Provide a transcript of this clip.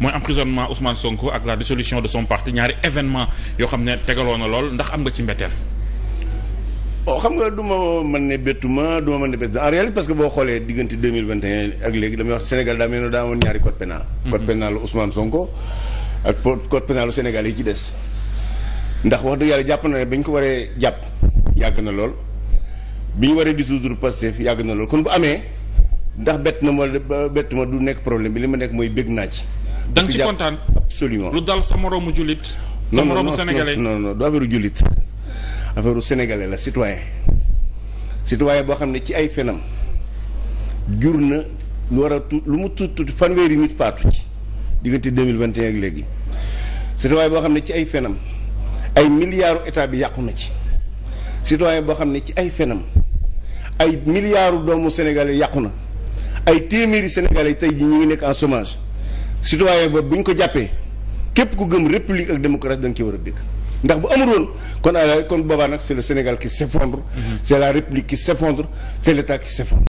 mooy emprisonnement Ousmane Sonko ak la dissolution de son parti ñaari événement yoo xam ne tegaloo na lool ndax am nga ci mbetteel. bon oh, xam nga du ma mën ne bettuma du ma mën ne bett en réalité que boo xoolee diggante deux mille vingt et un damay wax Sénégal daa mel ne daa amoon ñaari code pénal. Mhm. code pénal Ousmane Sénégal yi ci des. ndax wax dëgg yàlla jàpp na ne ko waree jàpp yàgg na lool bi ñu waree dissoudre Pastef yàgg na lool kon bu amee ndax bett na ma bett ma du nekk problème bi li ma nekk mooy bég naa ci. da nga ci kontaan absolument lu dal sa moroomu jullit. sa moroomu sénégalais non non du affaire jullit affaire sénégalais la citoyen citoyen boo xam ne ci ay fenam jur na lu war a tuut lu mu tuut tuuti fanweeri nit faatu ci diggante deux mille vingt et un ak léegi citoyen boo xam ne ci ay fenam ay milliards état bi yàqu na ci citoyen boo xam ne ci ay fenam ay milliards doomu sénégalais yàqu na ay téeméeri sénégalais tey ji ñu ngi nekk en chômage. citoyen ba bu ñu ko jàppee képp ku gëm république ak démocratie da nga ci war a dégg ndax bu amul woon kon kon boobaa nag c'est le Sénégal qui s'effondre mhm. c'est la république qui s'effondre c'est l'État qui s'effondre